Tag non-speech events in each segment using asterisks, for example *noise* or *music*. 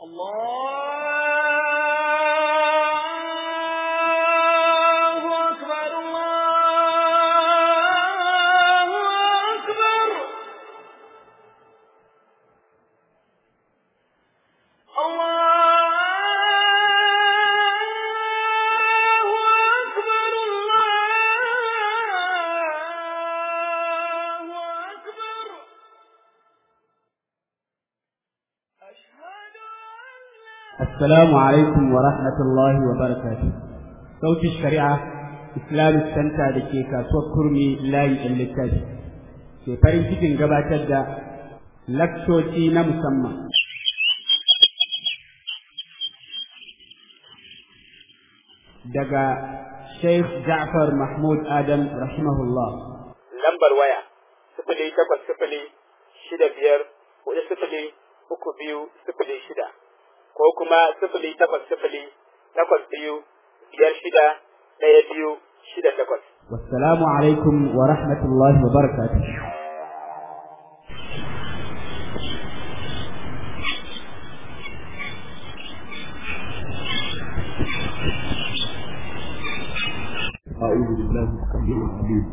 Allah السلام عليكم ورحمة الله وبركاته صوت الشريعة إسلام السنتا لكي كاسوة كرمي لا يجلتاج في فرنسيكين لك لكشوتي نمسمى دقا شيخ جعفر محمود آدم رحمه الله نمبر ويا سفلي تقوى سفلي شدة بير وجه سفلي uku biyu sifili shida ko kuma sifili takwas sifili takwas biyu biyar shida ɗaya biyu shida takwas. Wassalamu alaikum wa rahmatullahi wa barakatuh. أعوذ بالله السميع العليم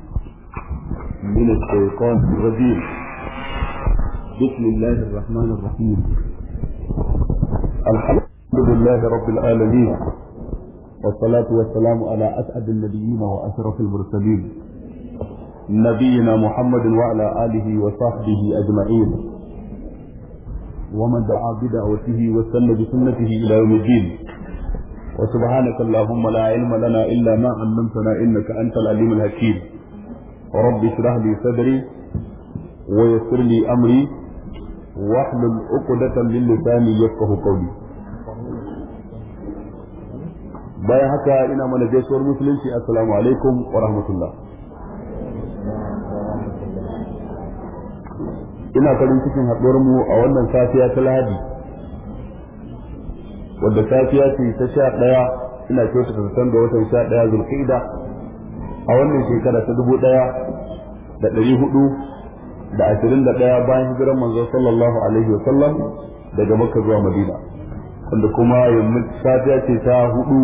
من الشيطان الرجيم بسم الله الرحمن الرحيم الحمد لله رب العالمين والصلاة والسلام على أسعد النبيين وأشرف المرسلين نبينا محمد وعلى آله وصحبه أجمعين ومن دعا بدعوته وسلم بسنته إلى يوم الدين وسبحانك اللهم لا علم لنا إلا ما علمتنا إنك أنت العليم الحكيم رب اشرح لي صدري ويسر لي أمري واحلل عقدة من لساني يفقه قولي bayan haka ina mana gaisuwar musulunci assalamu alaikum wa rahmatullah ina farin cikin haɗuwar mu a wannan safiya ta lahadi wadda safiya ce ta sha ɗaya ina kyautata zaton ga watan sha ɗaya zulƙida a wannan shekara ta dubu ɗaya da ɗari hudu da ashirin da ɗaya bayan hijiran manzo sallallahu alaihi wa sallam daga makka zuwa madina wanda kuma yammin safiya ce ta hudu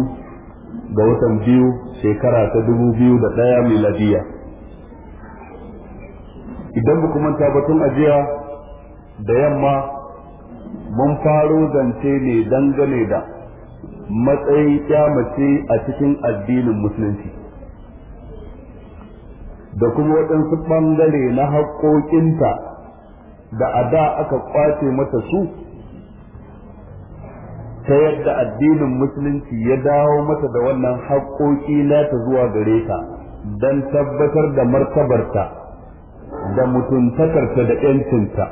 ga watan biyu shekara ta dubu biyu da ɗaya miladiya idan ba kuma tabbatun ajiya da yamma mun faro zance ne dangane da matsayin kyamace a cikin addinin musulunci da kuma waɗansu ɓangare na haƙoƙinta da a da aka ƙwace mata su ta yadda addinin musulunci ya dawo mata da wannan haƙoƙi ta zuwa gare ta don tabbatar da martabarta da mutuntakarta da 'yancinta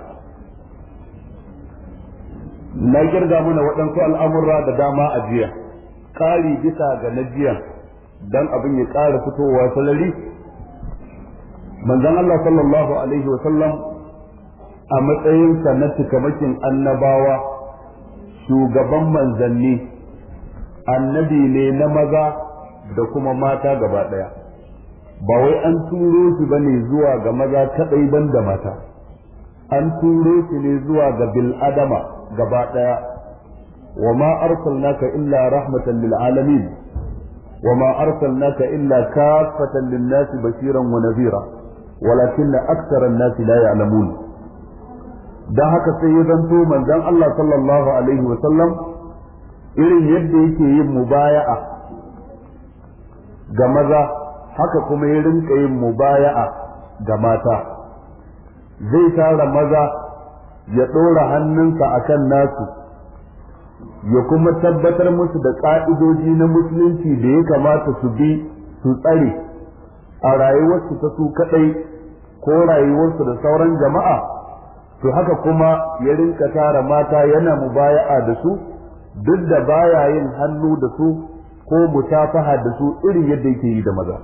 na girga mana waɗansu al'amurra da dama a jiya ƙari bisa ga na jiya don abin ya ƙara fitowa salari manzon Allah sallallahu alaihi wa sallam a matsayinsa na cikamakin annabawa shugaban manzanni annabi ne na maza da kuma mata gaba ba wai an turo shi ne zuwa ga maza kaɗai ban da mata an turo shi ne zuwa ga bil'adama adama gaba daya wa ma arsalnaka illa rahmatan lil alamin wa ma arsalnaka illa kaffatan lin nasi bashiran wa nadhira walakin aktsara an-nasi la ya'lamun dan haka sai ya zanto manzon Allah sallallahu alaihi wa sallam irin yadda yake yin mubaya'a ga maza haka kuma ya rinka yin mubaya'a ga mata zai tara maza ya ɗora hannunsa akan nasu ya kuma tabbatar musu da ƙa'idoji na musulunci da ya kamata su bi su tsare a rayuwarsu ta su kadai ko rayuwarsu da sauran jama'a to haka kuma ya rinka tara mata yana mubaya'a da su duk da baya yin hannu da su ko mutafaha da su irin yadda yake yi da maza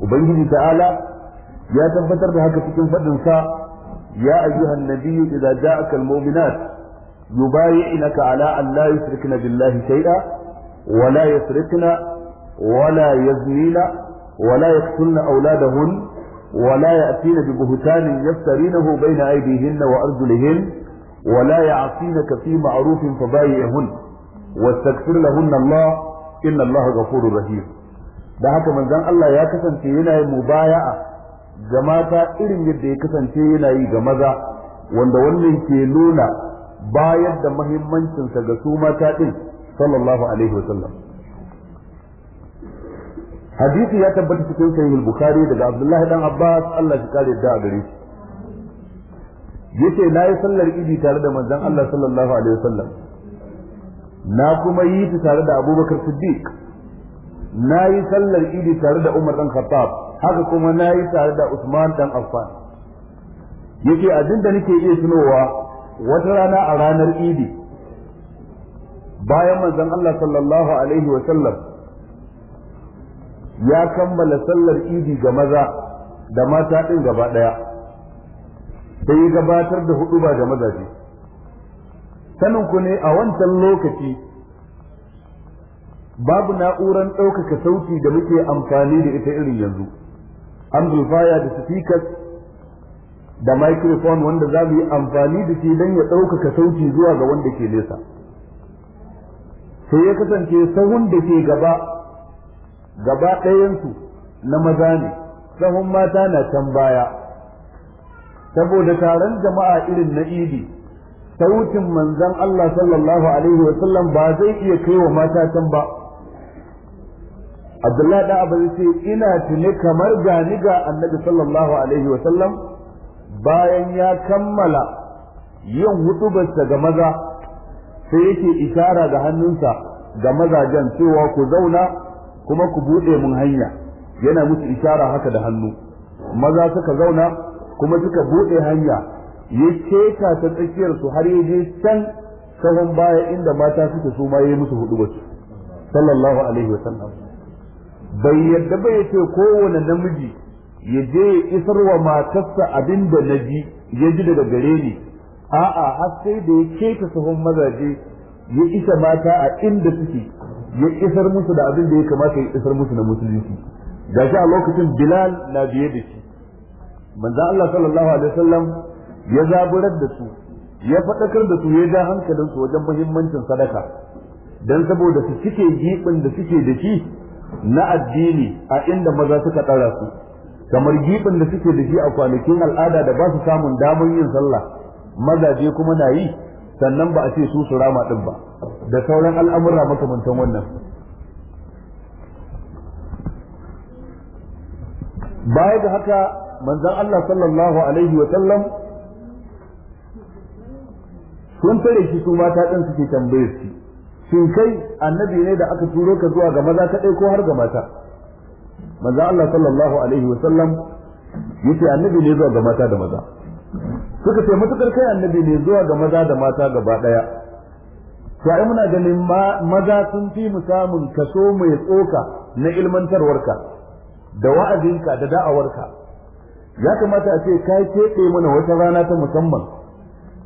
ubangiji ta'ala ya tabbatar da haka cikin faɗin sa ya ayyuhan nabiyyu idza ja'aka almu'minat yubayi'naka ala an la yushrikna billahi shay'a wa la yusrikna wa la yaznina ولا يقتلن أولادهن ولا يأتين ببهتان يفترينه بين أيديهن وأرجلهن ولا يعصينك في معروف فبايعهن واستغفر لهن الله إن الله غفور رحيم da haka manzon Allah ya kasance yana yin mubaya'a ga mata irin yadda ya kasance yana yi ga maza wanda wannan ke nuna bayar da mahimmancinsa ga su mata din sallallahu alaihi wasallam hadisi ya tabbata cikin sahih bukhari daga abdullah dan abbas Allah ya kare da gare shi yace yi sallar idi tare da manzon Allah sallallahu alaihi wasallam na kuma yi ta tare da abubakar siddiq yi sallar idi tare da umar dan khattab haka kuma na yi tare da usman dan affan yace abin da nake iya tunowa wata rana a ranar idi bayan manzon Allah sallallahu alaihi wasallam ya kammala sallar idi ga maza da mata ɗin gaba ɗaya sai ya gabatar da hudu ba ga mazaje sanin ku ne a wancan lokaci babu na'uran ɗaukaka sauti da muke amfani da ita irin yanzu an amplifier da speakers da microphone wanda za mu yi amfani da shi don ya ɗaukaka sauti zuwa ga wanda ke nesa sai ya kasance sahun da ke gaba gaba ɗayansu na maza ne sahun mata na can baya saboda taron jama'a irin na idi sautin manzon Allah sallallahu alaihi wa sallam ba zai iya kai wa mata can ba Abdullahi da Abu ce ina tuni kamar gani ga Annabi sallallahu alaihi wa sallam bayan ya kammala yin hutubarsa ga maza sai yake ishara da hannunsa ga mazajen cewa ku zauna kuma ku buɗe mun hanya yana musu ishara haka da hannu maza suka zauna kuma suka buɗe hanya ya keta ta tsakiyar su har ya je can sahun baya inda mata suke su ma ya yi musu hudu wasu sallallahu alaihi wa sallam bai yadda bai ce kowane namiji ya je ya isar wa matarsa abin da na ji ya ji daga gare ni a'a har sai da ya keta sahun mazaje ya isa mata a inda suke ya isar musu da abin da ya kamata ya isar musu na musulunci da shi a lokacin bilal na biye da shi manzo Allah sallallahu alaihi wasallam ya zaburar da su ya fadakar da su ya ja hankalin su wajen muhimmancin sadaka dan saboda su cike gibin da suke da shi na addini a inda maza suka tsara su kamar gibin da suke da shi a kwanakin al'ada da ba su samun damar yin sallah mazaje kuma na yi sannan ba a ce su su rama din ba da sauran al'amura makamantan wannan baya da haka manzon Allah sallallahu alaihi wa sallam sun tare shi su mata din suke tambayar shi shin kai annabi ne da aka turo ka zuwa ga maza kadai ko har ga mata manzon Allah sallallahu alaihi wa sallam yace annabi ne zuwa ga mata da maza suka ce matukar kai annabi ne zuwa ga maza da mata gaba daya to ai muna ganin maza sun fi mu samun kaso mai tsoka na ilmantarwarka da wa'azinka da da'awarka ya kamata a ce kai keɓe mana wata rana ta musamman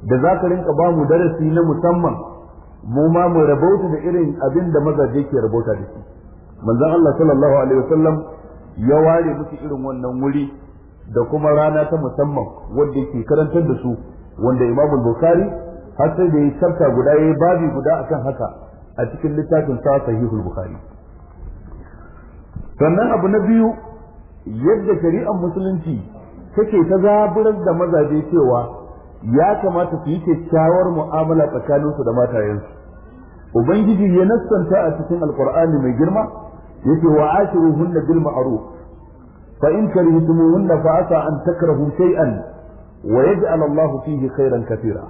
da za ka rinka ba mu darasi na musamman mu ma mu rabauta da irin abin da mazaje ke rabauta da shi manzon Allah sallallahu alaihi wasallam ya ware musu irin wannan wuri da kuma rana ta musamman wanda ke karantar da su wanda Imam Bukhari har sai da ya chapter guda yayi babi guda akan haka a cikin littafin sa Sahihul Bukhari sannan abu na biyu yadda shari'ar musulunci take ta zaburar da mazaje cewa ya kamata su yi kyakkyawar mu'amala tsakaninsu da matayensu ubangiji ya nassanta a cikin alqur'ani mai girma yake wa hunna bil ma'ruf fa in karihtumuhunna fa asa an takrahu shay'an wa yaj'al Allahu fihi khairan katira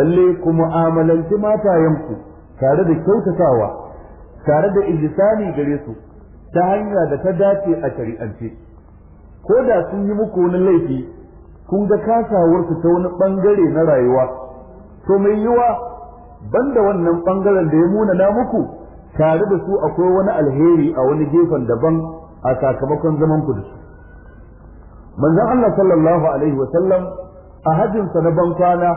lalle ku mu'amalanci matayenku tare da kyautatawa tare da ihsani gare su ta hanya da ta dace a shari'ance ko da sun yi muku wani laifi kun ga kasawarsu ta wani ɓangare na rayuwa to mai yiwa banda wannan bangaren da ya muna na muku tare da su akwai wani alheri a wani gefen daban a sakamakon zaman ku da su manzon Allah sallallahu alaihi wa sallam a hajjinsa na ban kwana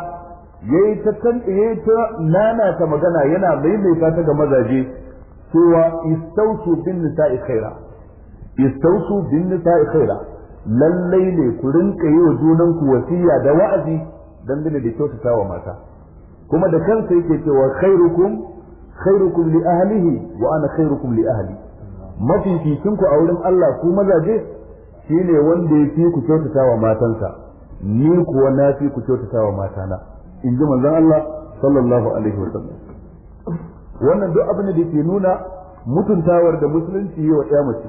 yayi ta kan yayi ta nana ta magana yana maimaita ta ga mazaje cewa istausu bin nisa'i khaira istausu bin nisa'i khaira lallai ne ku rinka yi wa ku wasiya da wa'azi dangane da kyautata wa mata kuma da kansa yake cewa khairukum khairukum li ahlihi wa ana khairukum li ahlihi mafificin ku a wurin Allah ku mazaje shine wanda ya fi ku kyautatawa matansa ni kuwa na fi ku kyautatawa matana in ji manzon Allah sallallahu alaihi wasallam wannan duk abin da ke nuna mutuntawar da musulunci yi wa ya mace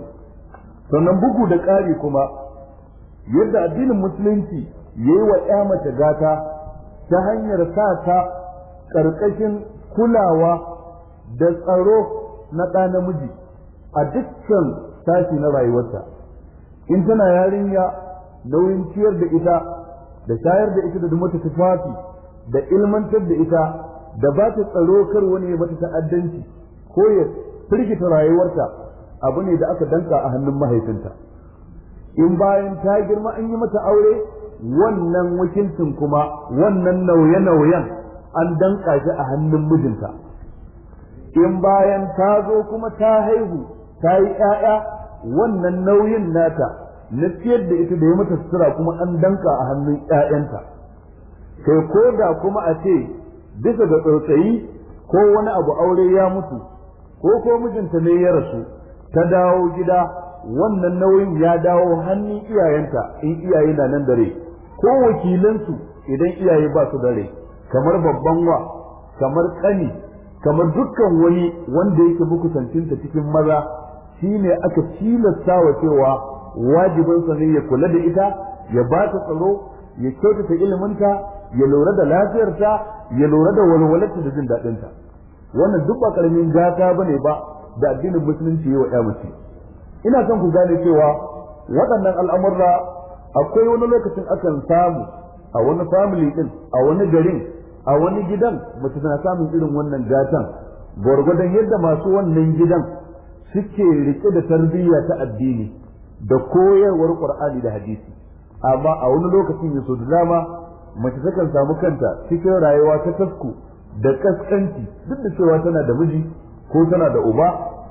sannan bugu da ƙari kuma yadda addinin musulunci yayi wa ɗaya mace gata ta hanyar sa ta ƙarƙashin kulawa da tsaro na ɗa namiji a dukkan sashi na rayuwarta in tana yarinya nauyin ciyar da ita da shayar da ita da mata tufafi da ilmantar da ita da ba ta tsaro kar wani ya mata ta'addanci ko ya firgita rayuwarta abu ne da aka danka a hannun mahaifinta in bayan ta girma an yi mata aure wannan wakilcin kuma wannan nauye-nauyen an danka shi a hannun mijinta in bayan ta zo kuma ta haihu ta yi ƴaƴa wannan nauyin nata na ciyar da ita da ya mata sutura kuma an danka a hannun ƴaƴanta kai ko da kuma a ce bisa ga tsautsayi ko wani abu aure ya mutu ko ko mijinta ne ya rasu ta dawo gida wannan nauyin ya dawo hannun iyayenta in iyaye na nan dare ko wakilansu idan iyaye ba su dare kamar babban wa kamar kani kamar dukkan wani wanda yake bukutancinta cikin maza Shi ne aka tilasta wa cewa wajibin ne ya kula da ita ya ba ta tsaro ya kyautata iliminta ya lura da lafiyarta ya lura da walwalarta da jin daɗinta wannan duk ba karamin gata bane ba da addinin musulunci yi wa ya mace ina son ku gane cewa waɗannan al'amurra akwai wani lokacin akan samu a wani family din a wani garin a wani gidan mace tana samun irin wannan gatan gwargwadon yadda masu wannan gidan suke rike da tarbiyya ta addini da koyarwar qur'ani da hadisi amma a wani lokacin ya so da dama mace takan samu kanta cikin rayuwa ta tasku da kaskanci duk da cewa tana da miji ko tana da uba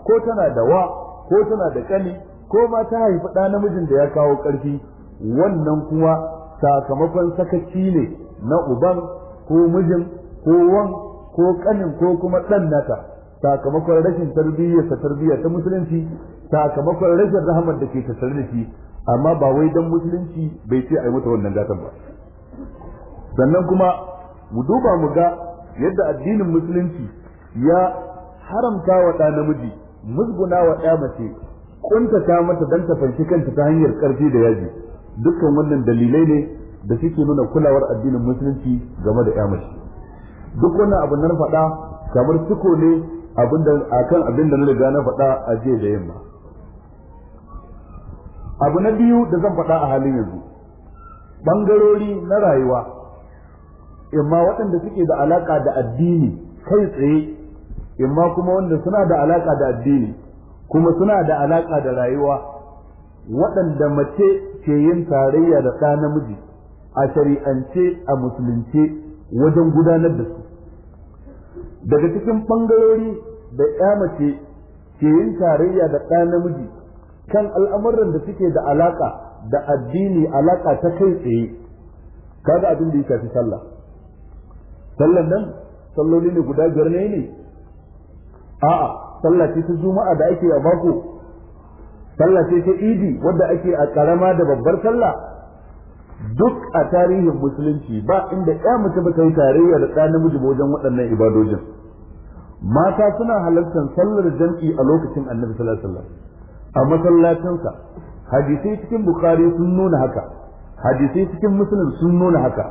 ko tana da wa ko tana da kani ko ma ta haifi ɗa namijin da ya kawo ƙarfi wannan kuwa sakamakon sakaci ne na uban ko mijin ko wan ko kanin ko kuma ɗan nata sakamakon rashin tarbiyyar ta tarbiyya ta musulunci sakamakon rashin rahamar da ke tattare da shi amma ba wai dan musulunci bai ce ai mata wannan gatan ba sannan kuma mu duba mu ga yadda addinin musulunci ya haramta wa ɗa namiji musguna wa ɗa mace kuntata mata dan ta fanshi kanta ta hanyar ƙarfi da yaji dukkan wannan dalilai ne da suke nuna kulawar addinin musulunci game da ƴa mace duk wannan abu nan faɗa kamar suko ne abinda akan abinda na riga na faɗa a jiya da yamma abu na biyu da zan faɗa a halin yanzu bangarori na rayuwa imma waɗanda suke da alaka da addini kai tsaye imma kuma wanda suna da alaƙa da addini kuma suna da alaƙa da rayuwa waɗanda mace ke yin tarayya da ɗa namiji a shari'ance a musulunce wajen gudanar da su daga cikin bangarori da ya mace ke yin tarayya da ɗa namiji kan al'amuran da suke da alaƙa da addini alaka ta kai tsaye kaga abin da ya shafi sallah sallan nan salloli ne guda biyar ne ne a'a sallah ce ta juma'a da ake a mako sallah ce ta idi wadda ake a karama da babbar sallah duk a tarihin musulunci ba inda ya mace ba ta yi tarayya da ɗa namiji wajen waɗannan ibadojin mata suna halartar sallar jam'i a lokacin annabi sallallahu alaihi wasallam a masallacinsa hadisai cikin bukhari sun nuna haka hadisai cikin muslim sun nuna haka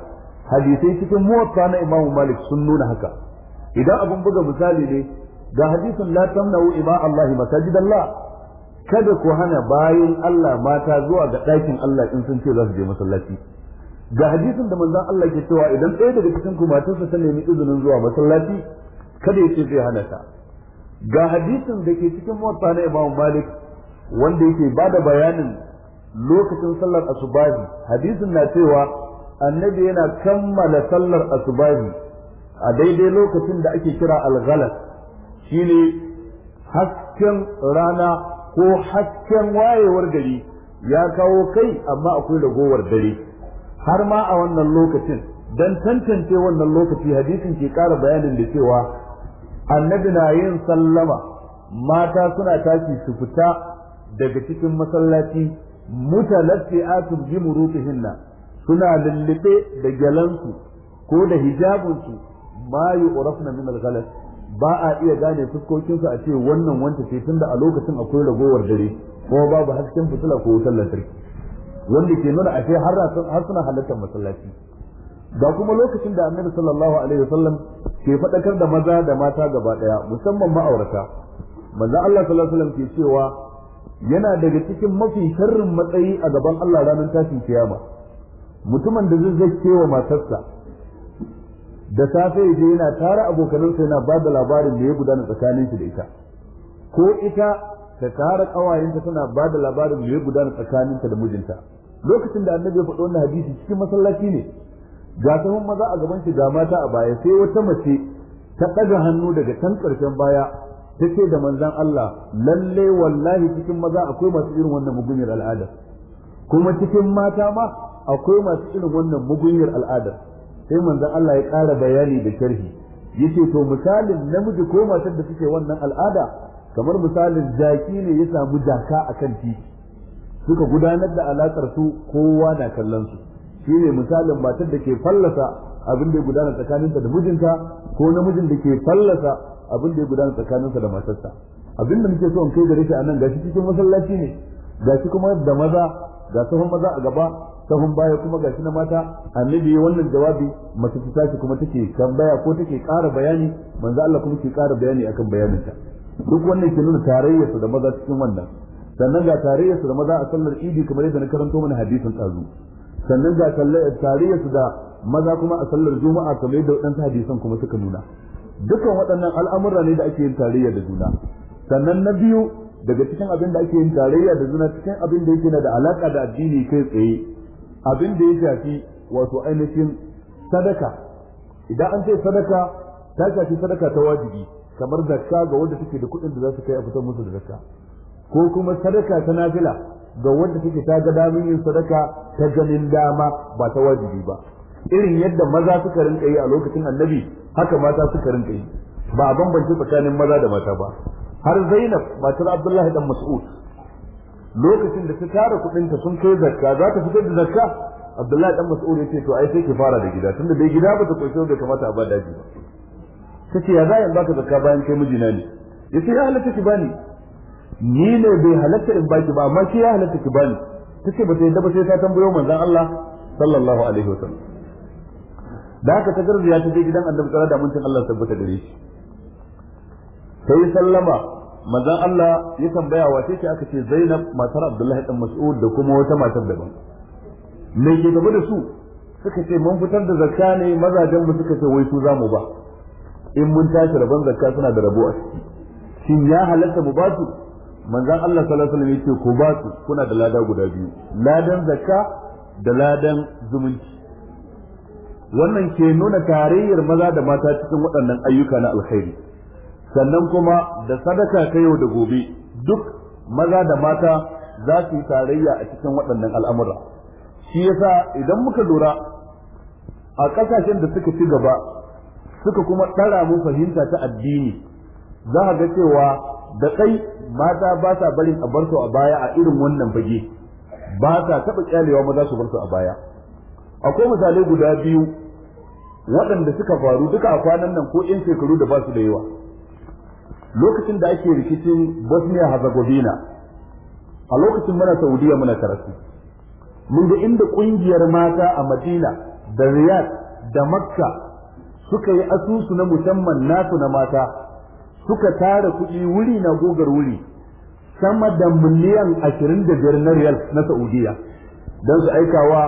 hadisai cikin muwatta na imam malik sun nuna haka idan abin buga misali ne ga hadisin la tamna'u ima allahi masajidallah kada ku hana bayin Allah mata zuwa ga ɗakin Allah in sun ce za su je masallaci ga hadisin da manzon Allah ke cewa idan ɗaya daga cikin ku matarsa ta nemi izinin zuwa masallaci kada ya ce zai hana ta ga hadisin da ke cikin muwatta na Imam Malik wanda yake ba da bayanin lokacin sallar asubahi hadisin na cewa annabi yana kammala sallar asubahi a daidai lokacin da ake kira al shi shine hasken rana ko hasken wayewar gari ya kawo kai amma akwai ragowar dare har ma a wannan lokacin dan tantance wannan lokaci hadisin ke kara bayanin da cewa annabi na yin sallama mata suna tashi su fita daga cikin masallaci atum bi murutihinna suna lullube da gyalansu ko da hijabinsu ma yu'rafna min al-ghalas ba a iya gane fuskokinsu a ce wannan wanta ce tunda a lokacin akwai ragowar dare kuma babu hasken fitila ko wutar lantarki wanda ke nuna a ce har suna halartar masallaci ga kuma lokacin da annabi sallallahu alaihi wasallam ke faɗakar da maza da mata gaba ɗaya musamman ma'aurata manzo Allah sallallahu alaihi wasallam ke cewa yana daga cikin mafi sharrin matsayi a gaban Allah ranar tashin kiyama mutumin da zai zace wa matarsa da safe je yana tara abokanansa yana ba da labarin da ya gudana tsakanin shi da ita ko ita ta tara ƙawayenta tana ba da labarin da ya gudana tsakaninta da mijinta lokacin da annabi ya faɗi wannan hadisi cikin masallaci ne ga sanin maza a gaban shi ga mata a baya sai wata mace ta ɗaga hannu daga can ƙarshen baya ta da manzan Allah lalle wallahi cikin maza akwai masu irin wannan mugunyar al'ada kuma cikin mata ma akwai masu irin wannan mugunyar al'ada sai manzan Allah ya ƙara bayani da sharhi yace to misalin namiji ko matar da suke wannan al'ada kamar misalin jaki ne ya samu jaka akan titi suka gudanar da alakar su kowa na kallon su Shi ne misalin matar da ke fallasa abin da ya gudana tsakaninta da mijinta ko namijin da ke fallasa abin da ya gudana tsakaninsa da matarsa abin da muke so in kai da shi a nan gashi cikin masallaci ne gashi kuma da maza ga sahun maza a gaba sahun baya kuma gashi na mata annabi ya wannan jawabi mace ta tashi kuma take tambaya ko take ƙara bayani manzo Allah kuma ke ƙara bayani akan bayaninta duk wannan ke nuna tarayyarsa da maza cikin wannan sannan ga tarayyarsa da maza a sallar idi kamar yadda na karanto mana hadisin tsazu sannan ga tarayyar su da maza kuma a sallar juma'a kamar da waɗansu hadisan kuma suka nuna Dukkan waɗannan al'amura ne da ake yin tarayya da juna sannan na biyu daga cikin abin da ake yin tarayya da juna cikin abin da yake da alaka da addini kai tsaye abin da ya shafi wato ainihin sadaka idan an ce sadaka ta shafi sadaka ta wajibi kamar zakka ga wanda take da kuɗin da za su kai a fitar musu da zakka ko kuma sadaka ta nafila ga wanda take ta ga damin yin sadaka ta ganin dama ba ta wajibi ba irin yadda maza suka rinka yi a lokacin annabi haka mata suka rinka yi ba a bambance tsakanin maza da mata ba har zainab matar abdullahi dan mas'ud lokacin da ta tara ta sun kai zakka za ta fitar da zakka abdullahi dan mas'ud yace to ai sai ki fara da gida tunda dai gida ba ta koyi da kamata a ba daji ba kace ya za in baka zakka bayan kai mijina ne yace ya halatta ki bani ni ne bai halatta in baki ba amma shi ya halatta ki bani tace ba sai yadda ba sai ta tambayo manzon Allah sallallahu alaihi wasallam da haka ta garzaya ta je gidan annabi tsara da mutum Allah tabbata gare shi sai sallama manzon Allah ya tambaya wa ce aka ce Zainab matar Abdullahi dan Mas'ud da kuma wata matar daban me ke gaba da su suka ce mun fitar da zakka ne mazajen mu suka ce wai su zamu ba in mun tashi rabon zakka suna da rabo a ciki shin ya halatta mu ba su manzon Allah sallallahu alaihi wasallam yace ku ba su kuna da lada guda biyu ladan zakka da ladan zumunci wannan ke nuna tarayyar maza da mata cikin waɗannan ayyuka na alkhairi sannan kuma da sadaka ta yau da gobe duk maza da mata za su yi tarayya a cikin waɗannan al'amura shi yasa idan muka lura a ƙasashen da suka ci gaba suka kuma ɗara mu fahimta ta addini za ga cewa da kai mata ba sa barin a bar a baya a irin wannan fage ba sa taɓa kyalewa maza su bar su a baya akwai misalai guda biyu waɗanda suka faru duka a kwanan nan ko in shekaru da ba su da yawa lokacin da ake rikicin bosnia herzegovina a lokacin muna saudiya muna karatu mun ga inda ƙungiyar mata a madina da riyadh da makka suka yi asusu na musamman nasu na mata suka tara kuɗi wuri na gogar wuri sama da miliyan ashirin da biyar na riyal na saudiya don su aikawa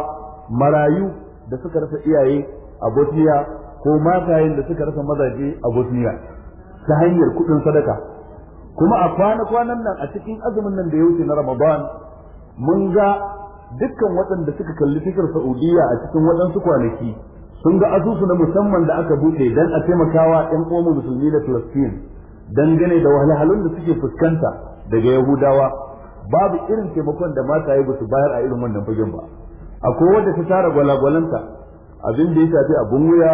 marayu da suka rasa iyaye a bosniya ko matayen da suka rasa mazaje a bosniya ta hanyar kuɗin sadaka kuma a kwana-kwanan nan a cikin azumin nan da ya wuce na ramadan mun ga dukkan waɗanda suka kalli fikir saudiya a cikin waɗansu kwanaki sun ga asusu na musamman da aka buɗe don a taimakawa 'yan ƙoma musulmi da filastin dangane da wahalhalun da suke fuskanta daga yahudawa babu irin taimakon da mata yi su bayar a irin wannan fagen ba akwai wanda ta tara gwalagwalanta abin da ya shafi abun wuya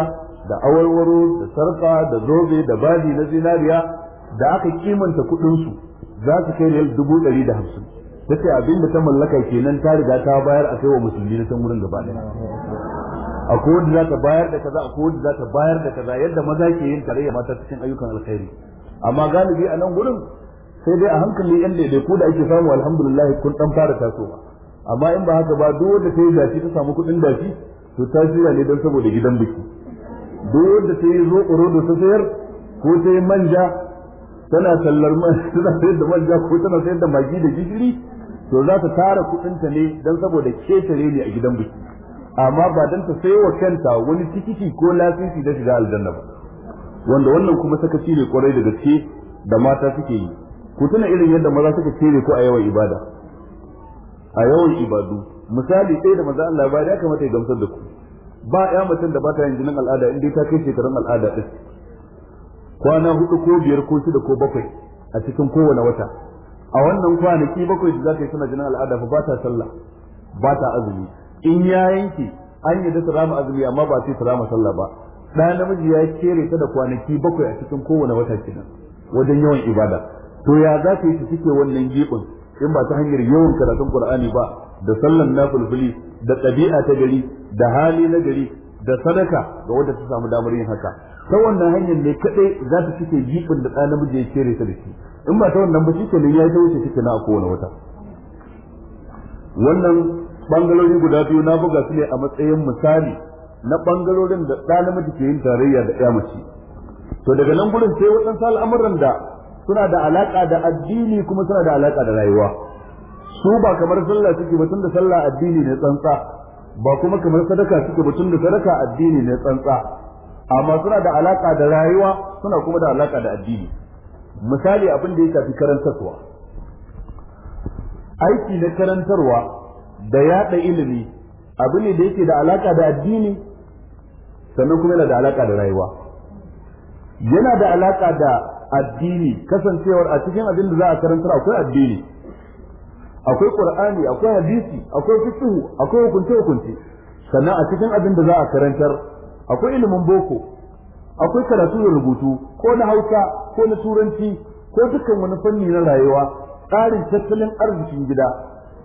da awarwaro da sarka da zobe da baji na zinariya da aka kimanta kuɗinsu za su kai riyal dubu ɗari da hamsin ta ce abin da ta mallaka kenan ta riga ta bayar a kai wa musulmi na san wurin gaba ɗaya akwai wanda za ta bayar da kaza akwai wanda za ta bayar da kaza yadda maza ke yin tarayya mata cikin ayyukan alkhairi amma galibi a nan gurin sai dai a hankali yan ko da ake samu alhamdulillah kun dan fara tasowa amma in ba haka ba duk wanda ta yi dashi ta samu kuɗin dashi to ta jira ne don saboda gidan biki duk wanda ta yi zo da ta sayar ko ta manja tana sallar man *laughs* tana sayar da manja ko tana sayar da magi da gishiri to za ta tara ta ne don saboda ketare ne a gidan biki amma ba don ta sayo wa kanta wani tikiti ko lasisi da shiga aljanna ba wanda wannan kuma sakaci ne kwarai da gaske da mata suke yi ku tuna irin yadda maza suka cire ko a yawan ibada a yawan ibadu misali ɗaya da maza Allah ba ya kamata ya gamsar da ku ba ya mutum da ba ta yin jinin al'ada in dai ta kai shekarun al'ada din kwana hudu ko biyar ko shida ko bakwai a cikin kowane wata a wannan kwanaki bakwai da za ka yi suna jinin al'ada fa ba ta sallah ba ta azumi in ya yanke an yi da su rama azumi amma ba sai su rama sallah ba da namiji ya kere ta da kwanaki bakwai a cikin kowane wata kenan wajen yawan ibada to ya za ta yi ta cike wannan gibin in ba ta hanyar yawan karatun qur'ani ba da sallan nafilfili da ɗabi'a ta gari da hali na gari da sadaka ga wanda ta samu damar yin haka ta wannan hanyar ne kadai za ta cike gibin da ɗan namiji ya kere ta da shi in ba ta wannan ba shi kenan ya ta wuce cike na a kowane wata wannan bangalori guda biyu na buga su ne a matsayin misali na bangarorin da ɗa da ke yin tarayya da ɗaya mace to daga nan gurin sai waɗansu al'amuran da suna da alaƙa da addini kuma suna da alaƙa da rayuwa su ba kamar sallah suke ba tun da sallah addini ne tsantsa ba kuma kamar sadaka suke ba tun da sadaka addini ne tsantsa amma suna da alaƙa da rayuwa suna kuma da alaƙa da addini misali abin da ya tafi karantarwa aiki na karantarwa da yaɗa ilimi abu ne da yake da alaka da addini sannan kuma yana da alaka da rayuwa yana da alaka da addini kasancewar a cikin abin da za a karantar akwai addini akwai qur'ani akwai hadisi akwai fiqh akwai hukunce hukunce sannan a cikin abin da za a karantar akwai ilimin boko akwai karatu da rubutu ko na hausa ko na turanci ko dukkan wani fanni na rayuwa tsarin tattalin arzikin gida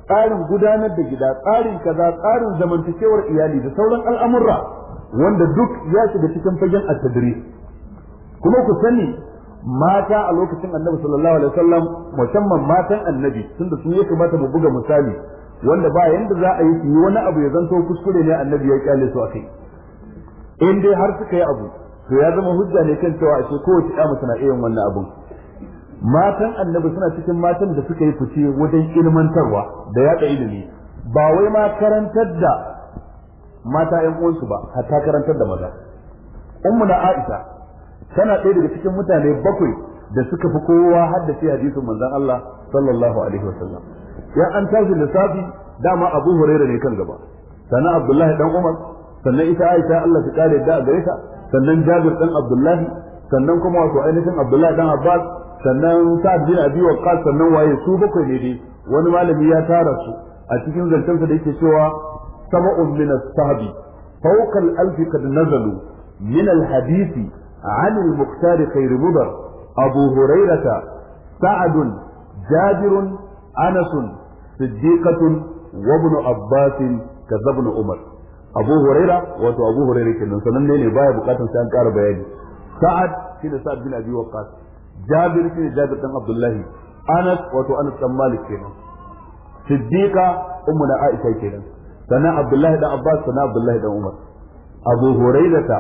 tsarin gudanar da gida tsarin kaza tsarin zamantakewar iyali da sauran al'amurra wanda duk ya shiga cikin fagen at kuma ku sani mata a lokacin annabi sallallahu alaihi wasallam musamman matan annabi tunda su ya kamata mu buga misali wanda ba yanda za a yi su wani abu ya zanto kuskure ne annabi ya kyale su akai in dai har suka yi abu to ya zama hujja ne kan cewa ce kowace ya mace na iya wannan abun matan annabi suna cikin matan da suka yi fice wajen ilmantarwa da yada ilimi ba wai ma karantar da mata ƴan uwansu ba har ta karantar da maza ummu na aisha tana ɗaya daga cikin mutane bakwai da suka fi kowa haddace hadisin manzon Allah sallallahu alaihi wasallam ya an tashi lissafi dama Abu huraira ne kan gaba sannan Abdullahi dan Umar sannan ita Aisha Allah ta kare da gare ta sannan Jabir dan Abdullahi sannan kuma wato ainihin Abdullahi dan Abbas sannan Sa'ad bin Abi Waqqas sannan waye su bakwai ne dai wani malami ya tara su a cikin zancensa da yake cewa سمع من الصهب فوق الألف قد نزلوا من الحديث عن المختار خير مضر أبو هريرة سعد جابر أنس صديقة وابن عباس كذا ابن عمر أبو هريرة وأبو أبو هريرة كنا سنن لي باي بقاتل سان كار بيان سعد كنا سعد بن أبي وقاص جابر كنا جابر بن عبد الله أنس وأبو أنس بن مالك كنا صديقة أمنا عائشة كنا sannan abdullahi dan abbas sannan abdullahi dan umar da ta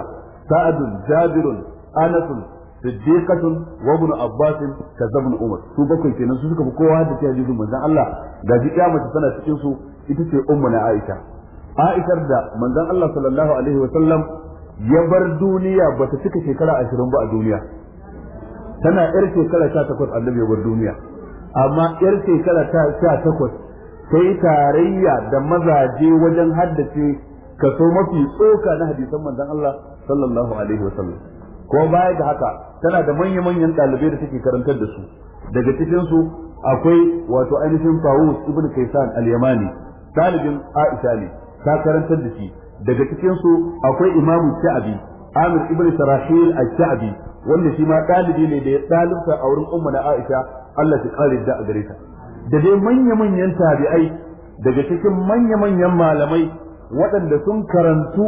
sa'adun jabirun anasun siddiqatun wa ibn abbas kazabun umar su bakwai kenan su suka fi kowa da ta hadisin manzon Allah ga ji mace tana cikin su ita ce ummu na Aisha Aishar da manzon Allah sallallahu alaihi wa sallam ya bar duniya bata cika shekara 20 ba a duniya tana yar shekara 18 annabi ya bar duniya amma yar shekara 18 sai tarayya da mazaje wajen haddace kaso mafi tsoka na hadisan manzon Allah sallallahu alaihi wasallam ko baya da haka tana da manya-manyan ɗalibai da take karantar da su daga cikin su akwai wato ainihin Tawus ibn Kaysan al-Yamani ɗalibin Aisha ne ta karantar da shi daga cikin su akwai Imam Sha'abi Amir ibn Sarahil al-Sha'abi wanda shi ma ɗalibi ne da ya ɗalibta a wurin umma na Aisha Allah ta kare da a gare ta da dai manya-manyan tabi'ai daga cikin manya-manyan malamai waɗanda sun karantu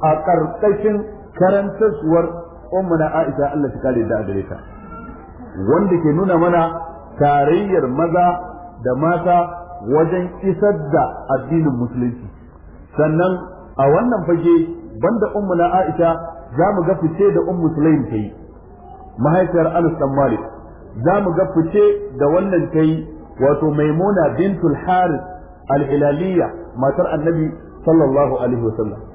a ƙarƙashin karantarsuwar ummuna Aisha Allah ta kare da gare ta wanda ke nuna mana tarayyar maza da mata wajen isar da addinin musulunci sannan a wannan fage banda ummuna Aisha za mu ga fice da ummu Sulaim ta mahaifiyar Anas dan Malik za mu ga fice da wannan ta wato maimuna bintul haris al-hilaliyya matar annabi sallallahu alaihi wasallam